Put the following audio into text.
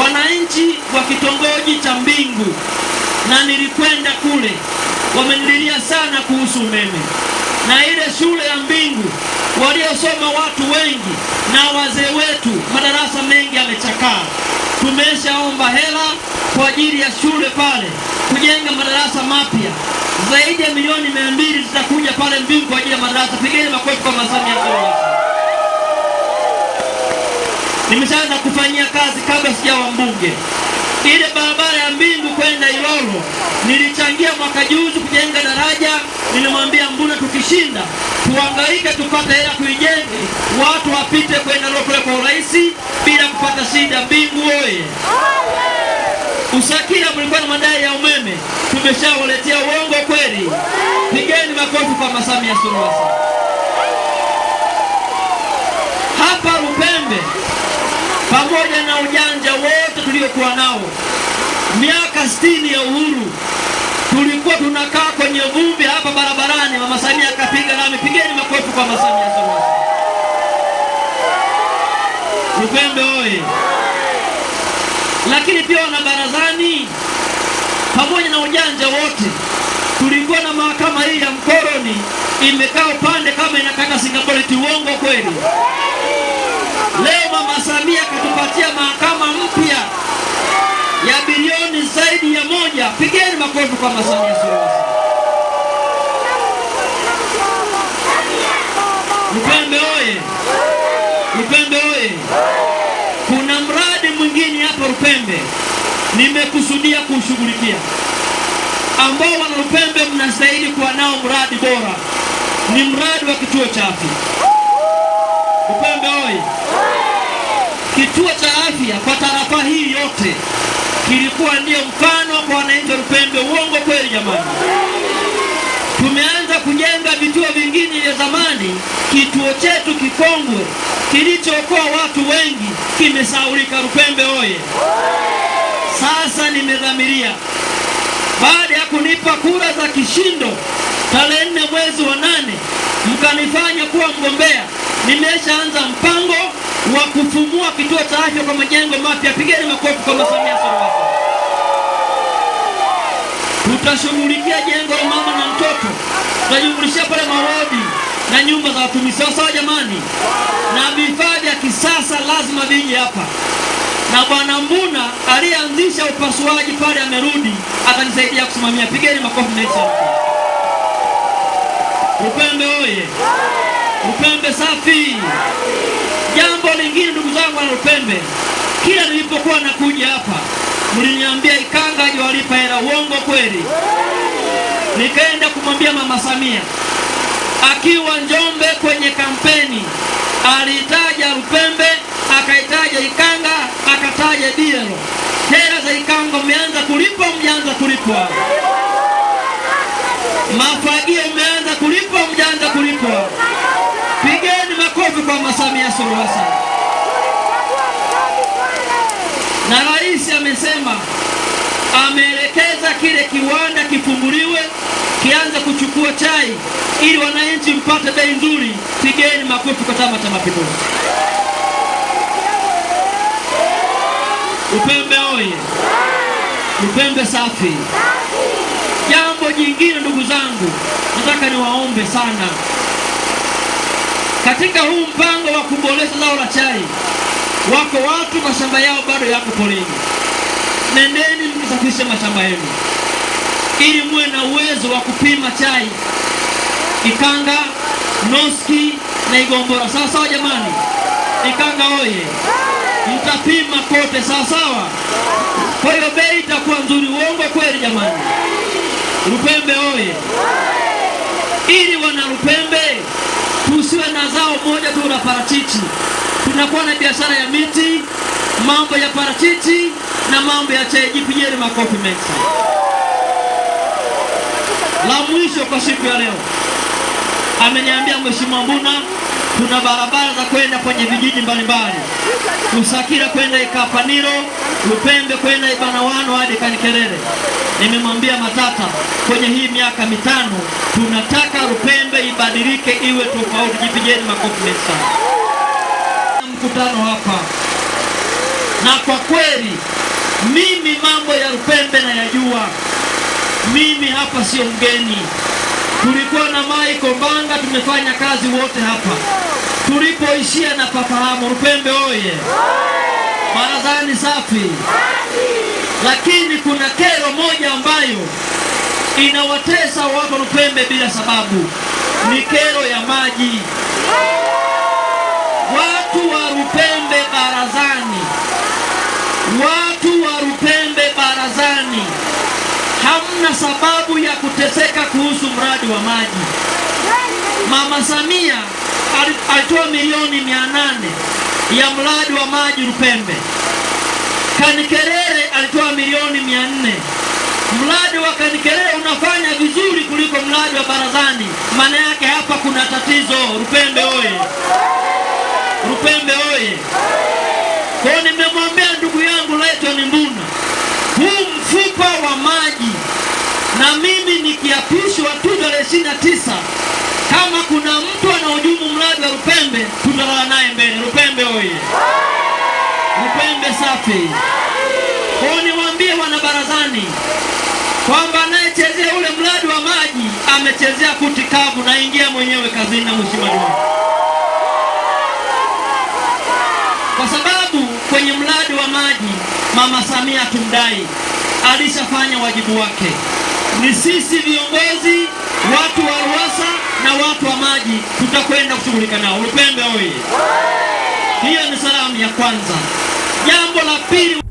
wananchi wa kitongoji cha Mbingu, na nilikwenda kule, wamenililia sana kuhusu umeme na ile shule ya Mbingu waliosoma watu wengi na wazee wetu, madarasa mengi yamechakaa. Tumeshaomba hela kwa ajili ya shule pale kujenga madarasa mapya zaidi ya milioni mia mbili zitakuja pale Mbingu kwa ajili ya madarasa. Pigeni makofi kwa Mama Samia nimeshaanza kufanyia kazi kabla sijawa mbunge. Ile barabara ya Mbingu kwenda Ilolo nilichangia mwaka juzi kujenga daraja. Nilimwambia Mbuna, tukishinda tuangaike tupate hela kuijenge, watu wapite kwenda Lokole kwa urahisi bila kupata shida. Mbingu oye! Usakila mlikuwa na madai ya umeme, tumeshawaletea. Uongo kweli? Pigeni makofi kwa Mama Samia Suluhu Hassan. Hapa Lupembe pamoja na ujanja wote tuliokuwa nao. Miaka sitini ya uhuru tulikuwa tunakaa kwenye vumbi hapa barabarani, mama Samia akapiga nami. Pigeni makofi kwa mama Samia Suluhu. Upembe oye! Lakini pia wana barazani, pamoja na ujanja wote tulikuwa na mahakama hii ya mkoroni imekaa upande kama inakata Singapore. Ti uongo kweli? Leo mama Samia kumpatia mahakama mpya ya bilioni zaidi ya moja. Pigeni makofi kwa Samia Suluhu Hassan. oye! Mpembe oye! Kuna mradi mwingine hapa Lupembe nimekusudia kuushughulikia, ambao wana Lupembe mnastahili kuwa nao mradi bora, ni mradi wa kituo cha afya Lupembe oye! Kituo cha afya kwa tarafa hii yote kilikuwa ndio mfano kwa wananchi wa Lupembe. Uongo kweli jamani? Tumeanza kujenga vituo vingine vya zamani. Kituo chetu kikongwe kilichookoa watu wengi kimesaulika. Lupembe oye! Sasa nimedhamiria baada ya kunipa kura za kishindo tarehe nne mwezi wa nane mkanifanya kuwa mgombea, nimeshaanza mpango wa kufumua kituo cha afya kwa majengo mapya. Pigeni makofi kwa Mama Samia Suluhu Hassan. Tutashughulikia jengo la mama na mtoto, tutajumulishia pale marodi na nyumba za watumishi. Sawa sawa jamani, na vifaa vya kisasa lazima vije hapa, na bwana Mbuna aliyeanzisha upasuaji pale amerudi atanisaidia kusimamia. Pigeni makofi mengi Upembe oye! Upembe safi! yangu ya Lupembe, kila nilipokuwa nakuja hapa mliniambia Ikanga hajawalipa hela. Uongo kweli? Nikaenda kumwambia Mama Samia akiwa Njombe kwenye kampeni alitaja Lupembe, akaitaja Ikanga, akataja Dielo. Hela za Ikanga umeanza kulipwa, mjaanza kulipwa. Mafagio umeanza kulipwa, mjaanza kulipwa. Pigeni makofi kwa Mama Samia Suluhu Hassan. kile kiwanda kifunguliwe kianze kuchukua chai ili wananchi mpate bei nzuri. Pigeni makofi kwa Chama cha Mapinduzi! Upembe oye! Upembe safi! Jambo jingine, ndugu zangu, nataka niwaombe sana katika huu mpango wa kuboresha zao la chai, wako watu mashamba yao bado yako porini. Nendeni kusafisha mashamba yenu ili muwe na uwezo wa kupima chai Ikanga, Noski na Igombora. Sawa sawa jamani, Ikanga oye! Mtapima kote, sawa sawa. Kwa hiyo bei itakuwa nzuri. Uongo kweli jamani? Lupembe oye! Ili wana Lupembe tusiwe na zao moja tu la parachichi, tunakuwa na biashara ya miti, mambo ya parachichi na mambo ya chai. Jipigeni makofi mengi La mwisho kwa siku ya leo, ameniambia Mheshimiwa Mbuna, kuna barabara za kwenda kwenye vijiji mbalimbali, Usakira kwenda Ikapaniro, Lupembe kwenda Ibanawano hadi kanikerele Nimemwambia Matata, kwenye hii miaka mitano tunataka Lupembe ibadilike iwe tofauti. Jipigeni makofi mengi sana. Mkutano hapa na kwa kweli mimi mambo ya Lupembe nayajua, mimi hapa sio mgeni. Tulikuwa na Michael Mbanga, tumefanya kazi wote hapa, tulipoishia na pafahamu. Lupembe oye! Barazani safi! Lakini kuna kero moja ambayo inawatesa watu Lupembe bila sababu, ni kero ya maji. Watu wa Lupembe sababu ya kuteseka kuhusu mradi wa maji. Mama Samia alitoa milioni mia nane ya mradi wa maji Lupembe. Kanikerere alitoa milioni mia nne. Mradi wa Kanikerere unafanya vizuri kuliko mradi wa Barazani. Maana yake hapa kuna tatizo. Lupembe oye! Lupembe oye! tisa kama kuna mtu anahujumu mradi wa Lupembe tutalala naye mbele. Lupembe oye! Lupembe safi! Kwa niwaambie wanabarazani kwamba anayechezea ule mradi wa maji amechezea kuti kavu, na ingia mwenyewe kazini na mheshimiwa diwani, kwa sababu kwenye mradi wa maji Mama Samia tumdai, alishafanya wajibu wake. Ni sisi viongozi watu wa Ruwasa na watu wa maji tutakwenda kushughulika nao. Ulupembe oye! Hiyo ni salamu ya kwanza. Jambo la pili